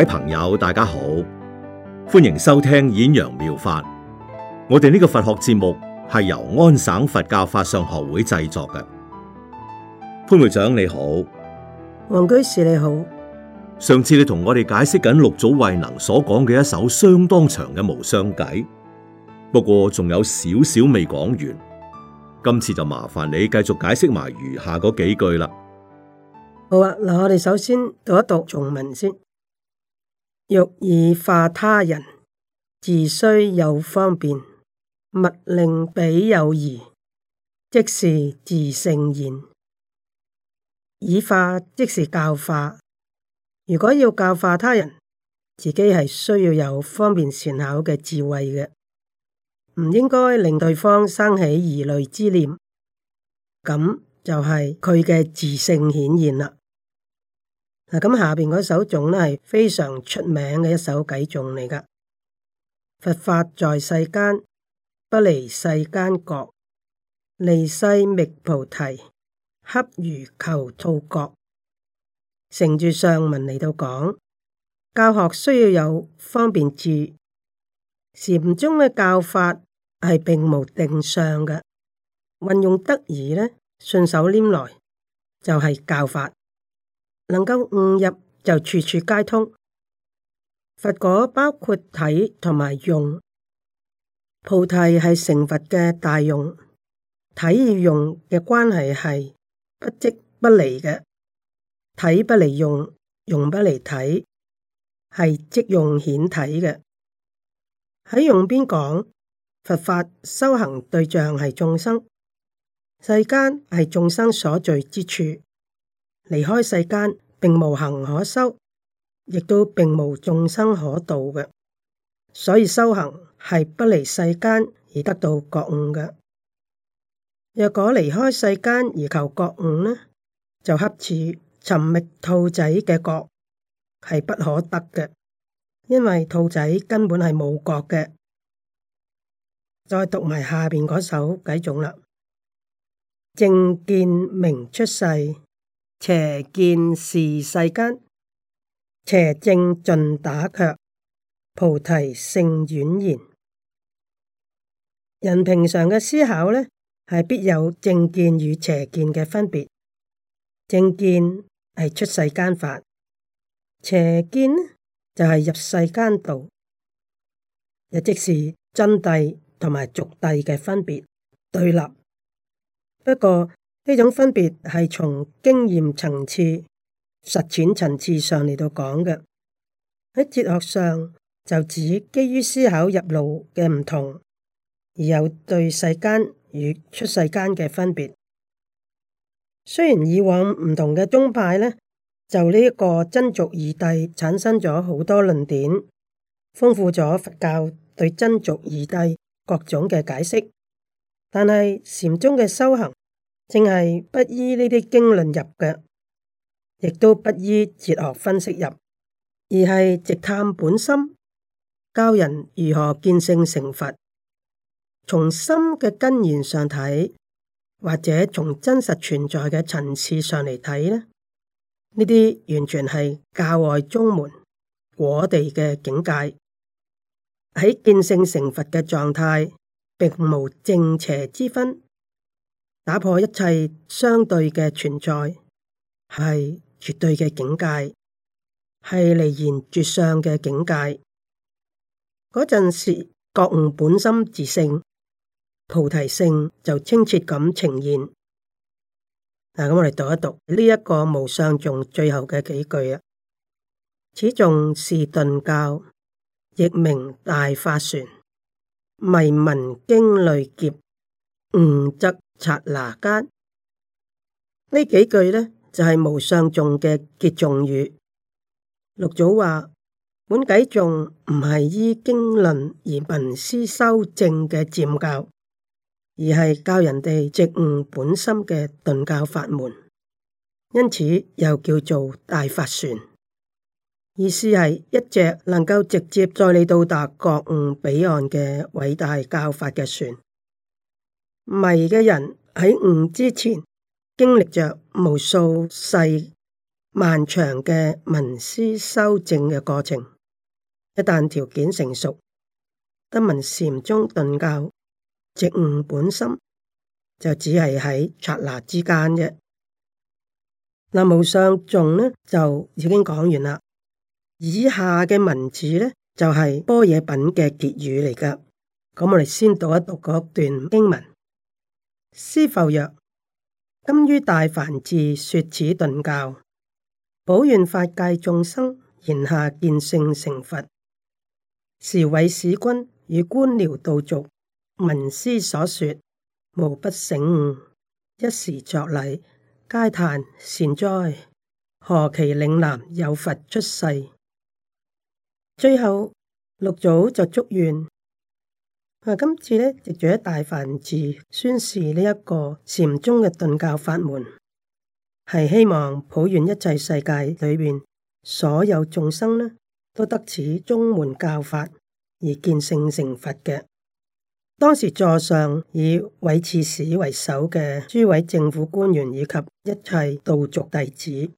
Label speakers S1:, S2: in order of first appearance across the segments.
S1: 各位朋友，大家好，歡迎收聽演揚妙、妙法。我哋呢個佛學節目係由安省佛教法相學會製作嘅。潘會長你好，
S2: 黃居士你好。
S1: 上次你同我哋解釋緊六祖慧能所講嘅一首相當長嘅無相偈，不過仲有少少未講完。今次就麻煩你繼續解釋埋餘下嗰幾句啦。
S2: 好啊，嗱，我哋首先讀一讀全文先。欲以化他人，自須有方便，勿令彼有疑，即是自性言。以化即是教化，如果要教化他人，自己係需要有方便善巧嘅智慧嘅，唔應該令對方生起疑慮之念，咁就係佢嘅自性顯現啦。嗱，咁下邊嗰首頌咧係非常出名嘅一首偈頌嚟噶。佛法在世間，不離世間覺；離世覓菩提，恰如求兔角。承住上文嚟到講，教學需要有方便處。禪宗嘅教法係並無定相嘅，運用得宜咧，順手拈來就係、是、教法。能夠誤入就處處皆通，佛果包括體同埋用，菩提係成佛嘅大用，體與用嘅關係係不即不離嘅，體不離用，用不離體，係即用顯體嘅。喺用邊講，佛法修行對象係眾生，世間係眾生所在之處。離開世間，並無行可修，亦都並無眾生可度嘅。所以修行係不離世間而得到覺悟嘅。若果離開世間而求覺悟呢，就恰似尋覓兔仔嘅角，係不可得嘅，因為兔仔根本係冇角嘅。再讀埋下邊嗰首偈頌啦：正見名出世。邪見是世間，邪正盡打卻；菩提性宛然。人平常嘅思考呢，係必有正見與邪見嘅分別。正見係出世間法，邪見就係入世間道。亦即是真諦同埋俗諦嘅分別對立。不過，呢種分別係從經驗層次、實踐層次上嚟到講嘅，喺哲學上就指基於思考入路嘅唔同，而有對世間與出世間嘅分別。雖然以往唔同嘅宗派呢，就呢一個真俗二諦產生咗好多論點，豐富咗佛教對真俗二諦各種嘅解釋，但係禪宗嘅修行，正係不依呢啲經論入嘅，亦都不依哲學分析入，而係直探本心，教人如何見性成佛。從心嘅根源上睇，或者從真實存在嘅層次上嚟睇咧，呢啲完全係教外中門我哋嘅境界。喺見性成佛嘅狀態，並無正邪之分。打破一切相對嘅存在，係絕對嘅境界，係離言絕相嘅境界。嗰陣時覺悟本心自性菩提性就清澈，咁呈現。嗱，咁我哋讀一讀呢一個無相頌最後嘅幾句啊。此頌是頓教，亦名大法船，迷聞經累劫。誤則剎那間，呢幾句呢，就係、是、無上眾嘅結眾語。六祖話：本偈眾唔係依經論而聞思修正嘅占教，而係教人哋直悟本心嘅頓教法門。因此又叫做大法船，意思係一隻能夠直接載你到達覺悟彼岸嘅偉大教法嘅船。迷嘅人喺悟之前，經歷着無數世漫長嘅文思修正嘅過程。一旦條件成熟，得聞禪宗頓教直悟本心，就只係喺剎那之間啫。嗱，無上眾呢就已經講完啦。以下嘅文字呢，就係般若品嘅結語嚟噶。咁我哋先讀一讀嗰段經文。師傅曰：今於大凡至說此頓教，保願法界眾生，言下見性成佛。時為使君與官僚道俗聞師所說，無不醒悟，一時作禮，皆嘆善哉！何其嶺南有佛出世！最後六祖就祝願。今次呢，藉住喺大梵寺宣示呢一個禪宗嘅頓教法門，係希望普願一切世界裏邊所有眾生呢，都得此宗門教法而見性成，成佛嘅。當時座上以韋刺史為首嘅諸位政府官員以及一切道俗弟子，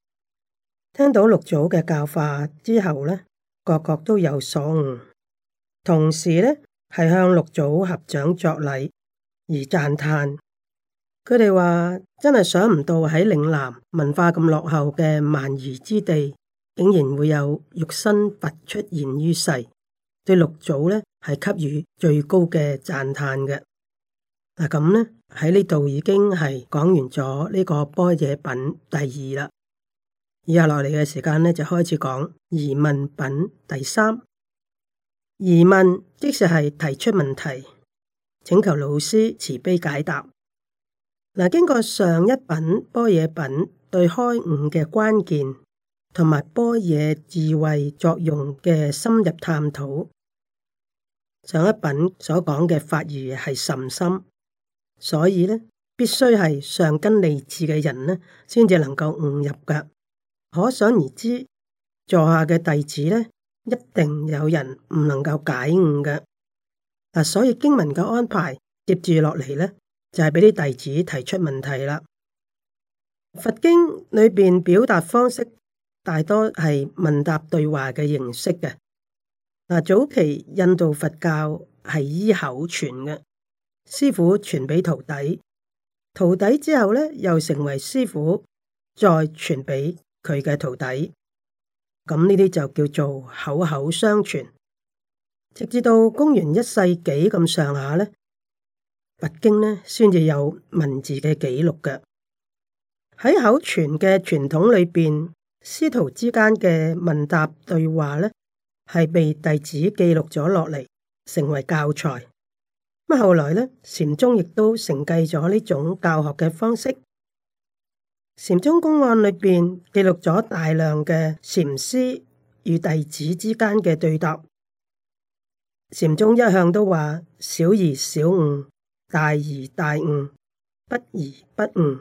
S2: 聽到六祖嘅教化之後呢，個個都有所悟，同時呢。係向六祖合掌作禮而讚嘆，佢哋話真係想唔到喺嶺南文化咁落後嘅蠻夷之地，竟然會有肉身佛出現於世，對六祖咧,係給予最高嘅讚嘆嘅。嗱咁咧喺呢度已經係講完咗呢個般若品第二啦，以下落嚟嘅時間咧就開始講疑問品第三。疑問即是係提出問題，請求老師慈悲解答。嗱、啊，經過上一品般若品對開悟嘅關鍵同埋般若智慧作用嘅深入探討，上一品所講嘅法義係甚深，所以呢必須係上根利智嘅人呢，先至能夠悟入噶。可想而知，座下嘅弟子呢。一定有人唔能夠解悟嘅嗱，所以經文嘅安排接住落嚟呢，就係俾啲弟子提出問題啦。佛經裏邊表達方式大多係問答對話嘅形式嘅嗱，早期印度佛教係依口傳嘅，師傅傳俾徒弟，徒弟之後呢，又成為師傅，再傳俾佢嘅徒弟。咁呢啲就叫做口口相傳，直至到公元一世紀咁上下咧，佛經呢先至有文字嘅記錄嘅。喺口傳嘅傳統裏邊，師徒之間嘅問答對話咧係被弟子記錄咗落嚟，成為教材。咁後來咧禪宗亦都承繼咗呢種教學嘅方式。禪宗公案裏邊記錄咗大量嘅禪師與弟子之間嘅對答。禪宗一向都話小疑小悟，大疑大悟，不疑不悟。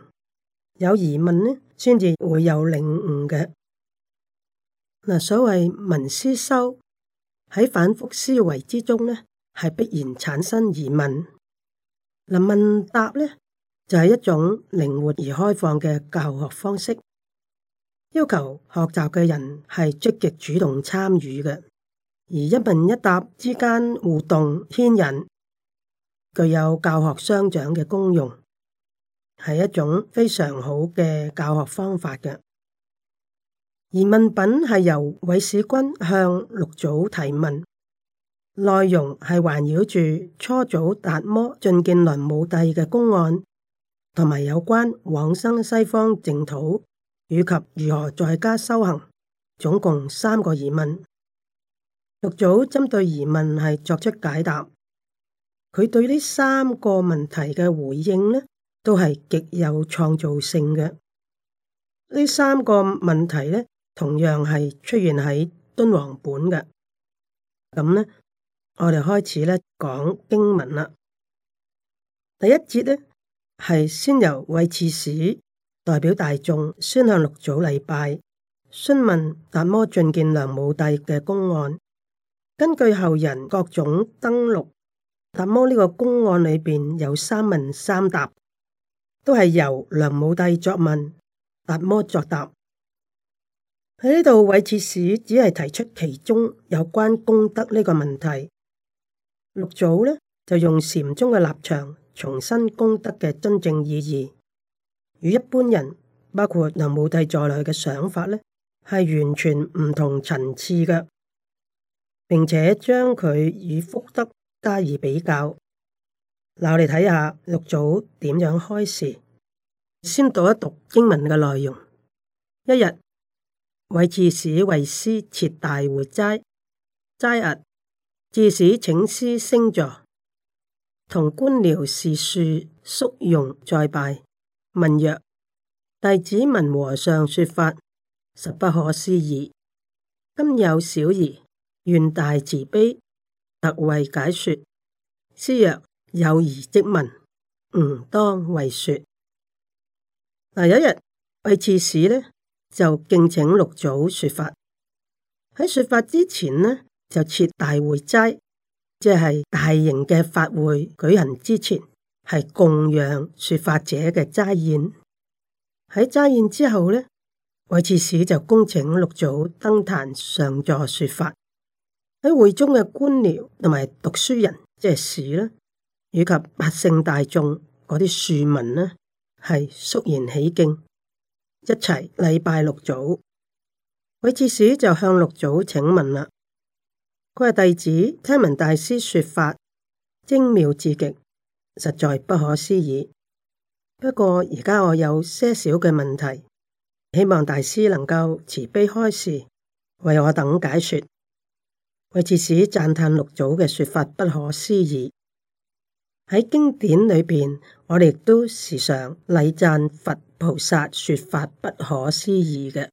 S2: 有疑問呢，先至會有領悟嘅。嗱，所謂聞思修，喺反覆思維之中呢，係必然產生疑問。嗱，問答呢，就係一種靈活而開放嘅教學方式，要求學習嘅人係積極主動參與嘅，而一問一答之間互動牽引，具有教學相長嘅功用，係一種非常好嘅教學方法嘅。而疑問品係由韋使君向六祖提問，內容係環繞住初祖達摩進見梁武帝嘅公案。同埋有關往生西方淨土以及如何在家修行，總共三個疑問。六祖針對疑問係作出解答。佢對呢三個問題嘅回應呢，都係極有創造性嘅。呢三個問題呢，同樣係出現喺敦煌本嘅。咁呢，我哋開始呢講經文啦。第一節呢，係先由韋刺史代表大眾先向六祖禮拜，詢問達摩進見梁武帝嘅公案。根據後人各種登錄，達摩呢個公案裏邊有三問三答，都係由梁武帝作問，達摩作答。喺呢度，韋刺史只係提出其中有關功德呢個問題，六祖呢，就用禪宗嘅立場。重新功德嘅真正意義，與一般人包括梁武帝在內嘅想法呢，係完全唔同層次嘅。並且將佢與福德加以比較，嗱，我哋睇下六祖點樣開示。先讀一讀經文嘅內容。一日，韋刺史為師設大會齋，齋日，刺史請師升座。同官僚士庶肅容再拜，問曰：弟子聞和尚說法，實不可思議。今有小兒，願大慈悲，特為解說。師曰：有疑即問，吾、嗯、當為說。有一日，韋刺史呢就敬請六祖說法。喺說法之前呢，就設大會齋。即係大型嘅法會舉行之前，係供養說法者嘅齋宴。喺齋宴之後呢，韋刺史就恭請六祖登壇上座說法。喺會中嘅官僚同埋讀書人，即係士啦，以及百姓大眾嗰啲庶民呢，係肅然起敬，一齊禮拜六祖。韋刺史就向六祖請問啦。佢係弟子，聽聞大師說法精妙至極，實在不可思議。不過而家我有些少嘅問題，希望大師能夠慈悲開示，為我等解說。為此使讚嘆六祖嘅說法不可思議。喺經典裏邊，我哋亦都時常禮讚佛菩薩說法不可思議嘅，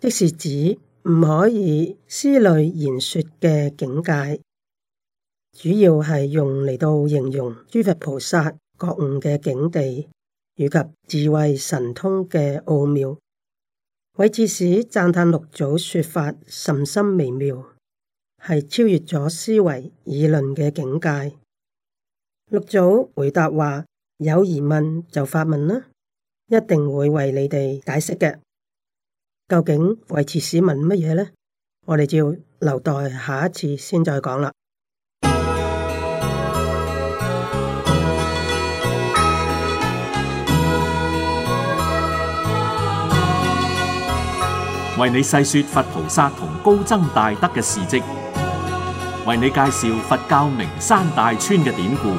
S2: 即是指。唔可以思慮言說嘅境界，主要係用嚟到形容諸佛菩薩覺悟嘅境地，以及智慧神通嘅奧妙。韋刺史贊歎六祖說法甚深微妙，係超越咗思維議論嘅境界。六祖回答話：有疑問就發問啦，一定會為你哋解釋嘅。究竟維持市民乜嘢呢？我哋就要留待下一次先再講啦。
S1: 為你細說佛菩薩同高僧大德嘅事跡，為你介紹佛教名山大川嘅典故，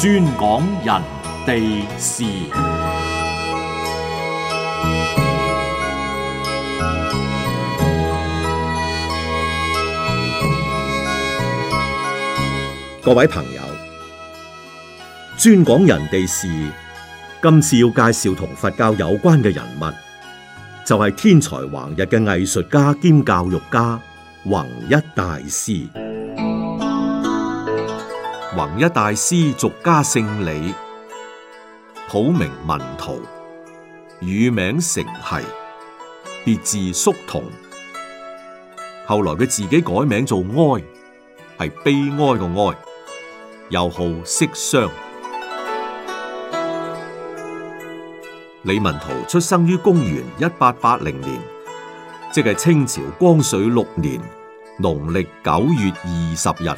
S1: 專講人地事。各位朋友，專講人哋事。今次要介紹同佛教有關嘅人物，就係、是、天才橫溢嘅藝術家兼教育家弘一大師。弘一大師俗家姓李，譜名文濤，乳名成蹊，別字叔同。後來佢自己改名做哀，係悲哀嘅哀。又號息商，李文濤出生於公元一八八零年，即係清朝光緒六年農曆九月二十日。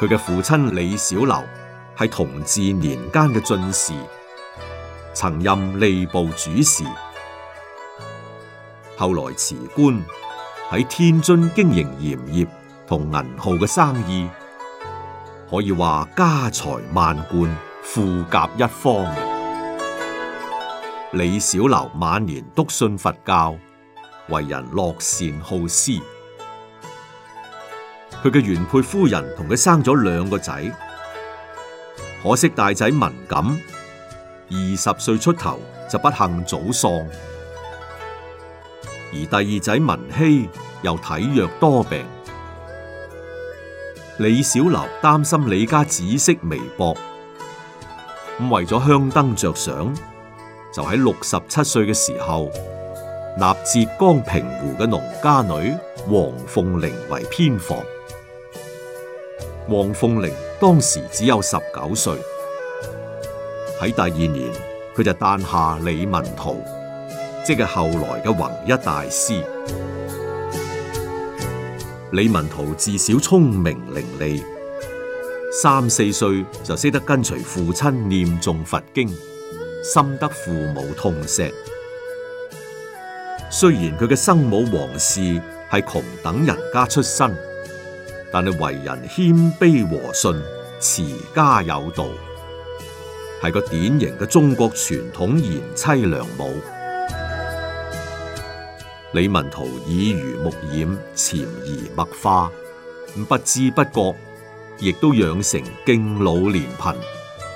S1: 佢嘅父親李小樓係同治年間嘅進士，曾任吏部主事，後來辭官喺天津經營鹽業同銀號嘅生意。可以話家財萬貫、富甲一方。李小樓晚年篤信佛教，為人樂善好施。佢嘅原配夫人同佢生咗兩個仔，可惜大仔文錦二十歲出頭就不幸早喪，而第二仔文希又體弱多病。李小樓擔心李家紫色微薄，咁為咗香燈着想，就喺六十七歲嘅時候納浙江平湖嘅農家女王鳳玲為偏房。王鳳玲當時只有十九歲，喺第二年佢就誕下李文濤，即係後來嘅弘一大師。李文圖自小聰明伶俐，三四歲就識得跟隨父親念誦佛經，深得父母痛惜。雖然佢嘅生母王氏係窮等人家出身，但係為人謙卑和順，持家有道，係個典型嘅中國傳統賢妻良母。李文圖耳濡目染，潛移默化，不知不覺亦都養成敬老憐貧、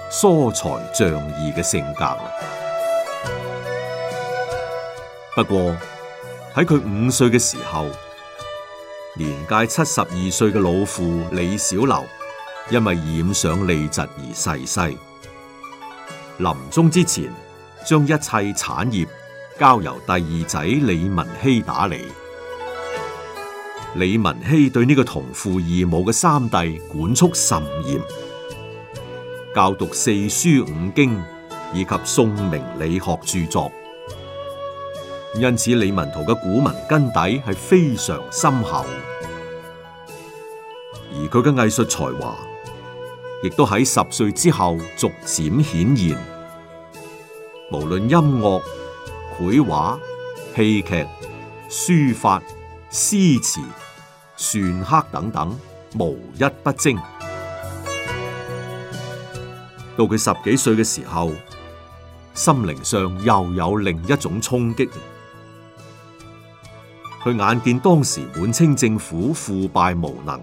S1: 疏財仗義嘅性格。不過喺佢五歲嘅時候，年屆七十二歲嘅老父李小樓，因為染上痢疾而逝世。臨終之前，將一切產業。交由第二仔李文熙打理。李文熙對呢個同父異母嘅三弟管束甚嚴，教讀四書五經以及宋明理學著作，因此李文濤嘅古文根底係非常深厚，而佢嘅藝術才華亦都喺十歲之後逐漸顯現，無論音樂，繪畫、戲劇、書法、詩詞、篆刻等等，無一不精。到佢十幾歲嘅時候，心靈上又有另一種衝擊。佢眼見當時滿清政府腐敗無能，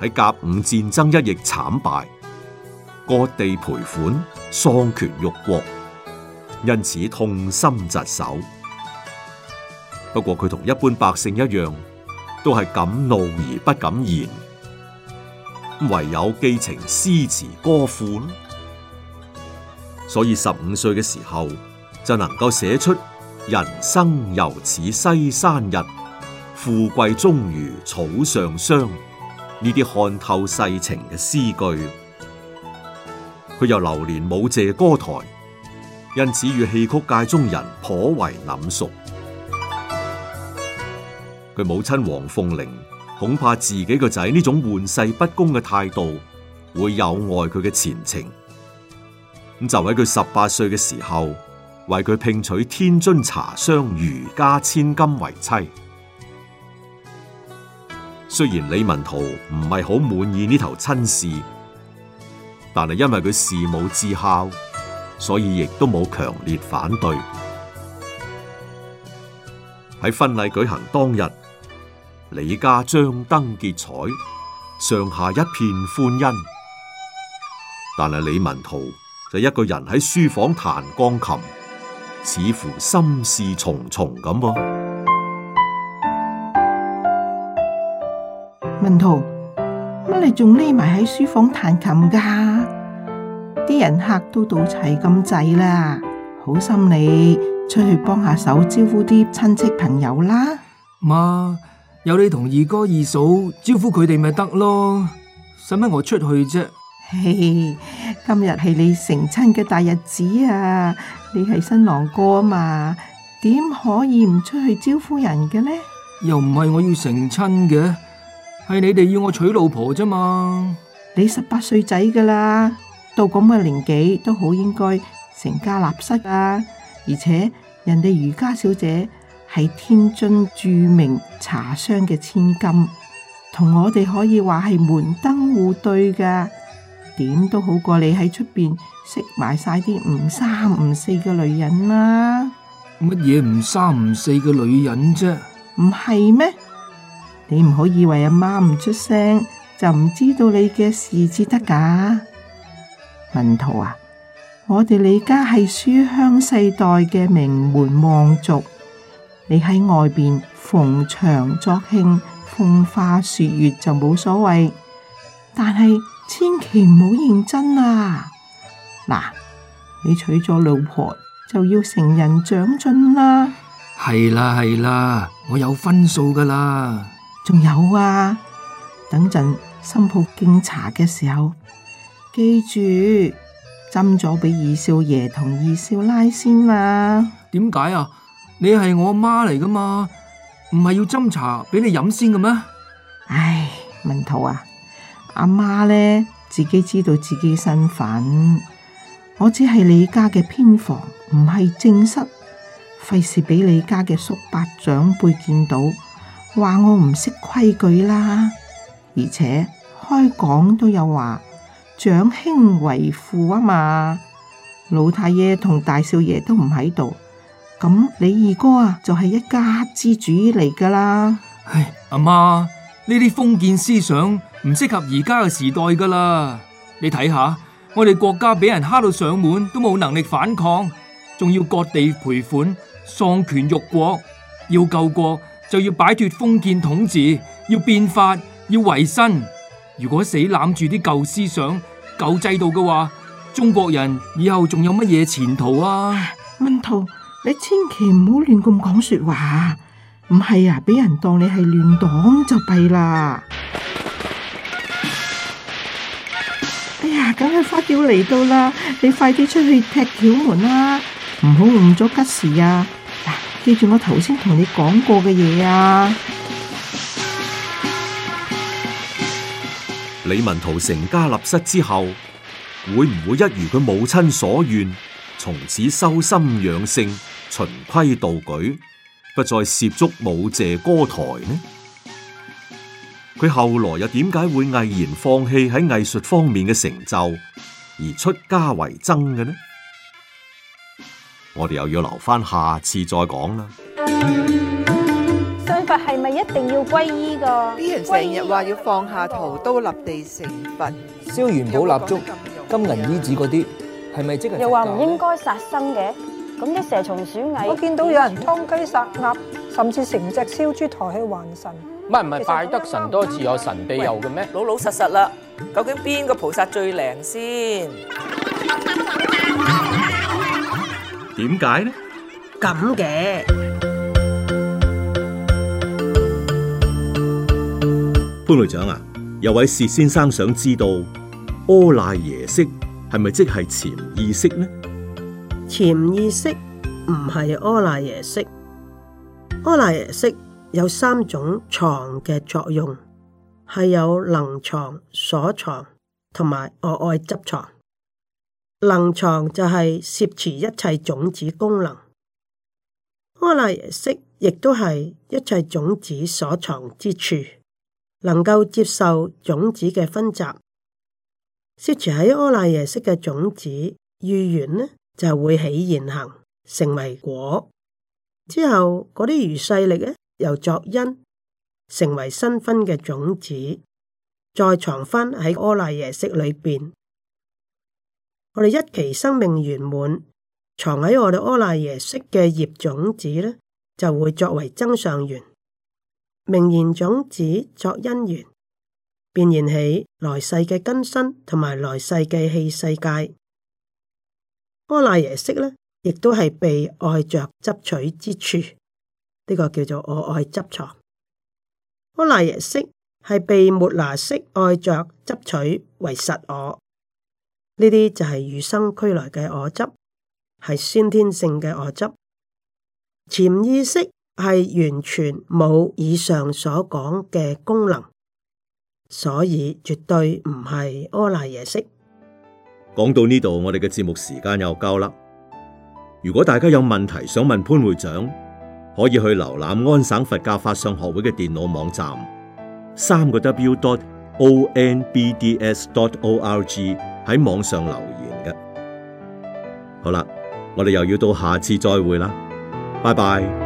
S1: 喺甲午戰爭一役慘敗，割地賠款，喪權辱國。因此痛心疾首。不過佢同一般百姓一樣，都係敢怒而不敢言，唯有寄情詩詞歌賦啦。所以十五歲嘅時候就能夠寫出人生猶似西山日，富貴終如草上霜呢啲看透世情嘅詩句。佢又流連舞榭歌台。因此，與戲曲界中人頗為稔熟。佢母親黃鳳玲恐怕自己個仔呢種玩世不恭嘅態度，會有礙佢嘅前程。咁就喺佢十八歲嘅時候，為佢聘娶天津茶商儒家千金為妻。雖然李文濤唔係好滿意呢頭親事，但係因為佢事母至孝。所以亦都冇強烈反對。喺婚禮舉行當日，李家張燈結綵，上下一片歡欣。但係李文圖就一個人喺書房彈鋼琴，似乎心事重重咁噃。
S3: 文圖，乜你仲匿埋喺書房彈琴噶？啲人客都到齊咁滯啦，好心你出去幫下手招呼啲親戚朋友啦。媽，有你同二哥二嫂招呼佢哋咪得咯，使乜我出去啫？嘿，今日係你成親嘅大日子啊，你係新郎哥啊嘛，點可以唔出去招呼人嘅呢？又唔係我要成親嘅，係你哋要我娶老婆咋嘛？你十八歲仔噶啦。到咁嘅年紀都好應該成家立室啊！而且人哋余家小姐係天津著名茶商嘅千金，同我哋可以話係門當戶對噶，點都好過你喺出邊識埋晒啲唔三唔四嘅女人啦。乜嘢唔三唔四嘅女人啫？唔係咩？你唔好以為阿媽唔出聲就唔知道你嘅事至得噶。文濤啊，我哋李家係書香世代嘅名門望族，你喺外邊逢場作興、風花雪月就冇所謂，但係千祈唔好認真啊！嗱，你娶咗老婆就要成人長進啦。係啦係啦，我有分數噶啦，仲有啊，等陣新抱敬茶嘅時候。記住斟咗俾二少爺同二少奶先啦。點解啊？你係我阿媽嚟噶嘛？唔係要斟茶俾你飲先嘅咩？唉，文濤啊，阿媽呢，自己知道自己身份，我只係你家嘅偏房，唔係正室，費事俾你家嘅叔伯長輩見到，話我唔識規矩啦。而且開講都有話，長兄為父啊嘛，老太爺同大少爺都唔喺度，咁你二哥啊就係一家之主嚟噶啦。唉，阿媽呢啲封建思想唔適合而家嘅時代噶啦。你睇下，我哋國家俾人蝦到上門，都冇能力反抗，仲要割地賠款，喪權辱國。要救國就要擺脫封建統治，要變法，要維新。如果死攬住啲舊思想，舊制度嘅話，中國人以後仲有乜嘢前途啊？啊文濤，你千祈唔好亂咁講說話，唔係啊，俾人當你係亂黨就弊啦。 哎呀，梗係花轎嚟到啦，你快啲出去踢轎門啦，啊，唔好誤咗吉時啊！嗱，啊，記住我頭先同你講過嘅嘢啊！
S1: 李文濤成家立室之後，會唔會一如佢母親所願，從此修心養性、循規蹈矩，不再涉足舞榭歌台呢？佢後來又點解會毅然放棄喺藝術方面嘅成就，而出家為僧嘅呢？我哋又要留翻下，下次再講啦。
S3: 係咪一定要皈依㗎？成日話要放下屠刀立地成佛，燒元寶蠟燭、金銀衣紙嗰啲，係咪即係？又話唔應該殺生嘅，咁啲蛇蟲鼠蟻，我見到有人劏雞殺鴨，甚至成隻燒豬抬去還神。唔係唔係，拜得神多自有神庇佑嘅咩？老老實實啦，究竟邊個菩薩最靈先？
S1: 點解呢？
S3: 咁嘅。
S1: 潘隊長啊，有位薛先生想知道阿賴耶識係咪即係潛意識呢？
S2: 潛意識唔係阿賴耶識，阿賴耶識有三種藏嘅作用，係有能藏、所藏同埋我愛執藏。能藏就係攝持一切種子功能，阿賴耶識亦都係一切種子所藏之處。能夠接受種子嘅分集，攝取喺阿賴耶識嘅種子，遇緣呢就會起現行，成為果。之後嗰啲餘勢力呢又作因，成為新熏嘅種子，再藏返喺阿賴耶識裏邊。我哋一期生命圓滿，藏喺我哋阿賴耶識嘅業種子呢，就會作為增上緣。名言種子作因緣，變現起來世嘅根身，同埋來世嘅器世界。阿賴耶識呢，亦都係被愛着執取之處。呢、這個叫做我愛執藏。阿賴耶識係被末那識愛着執取為實我。呢啲就係與生俱來嘅我執，係先天性嘅我執，潛意識。係完全冇以上所講嘅功能，所以絕對唔係阿賴耶識。
S1: 講到呢度，我哋嘅節目時間又夠啦。如果大家有問題想問潘會長，可以去瀏覽安省佛教法相學會嘅電腦網站，三個 w dot o n b d s dot o r g 喺網上留言嘅。好啦，我哋又要到下次再會啦，拜拜。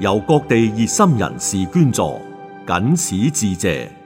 S1: 由各地熱心人士捐助，僅此致謝。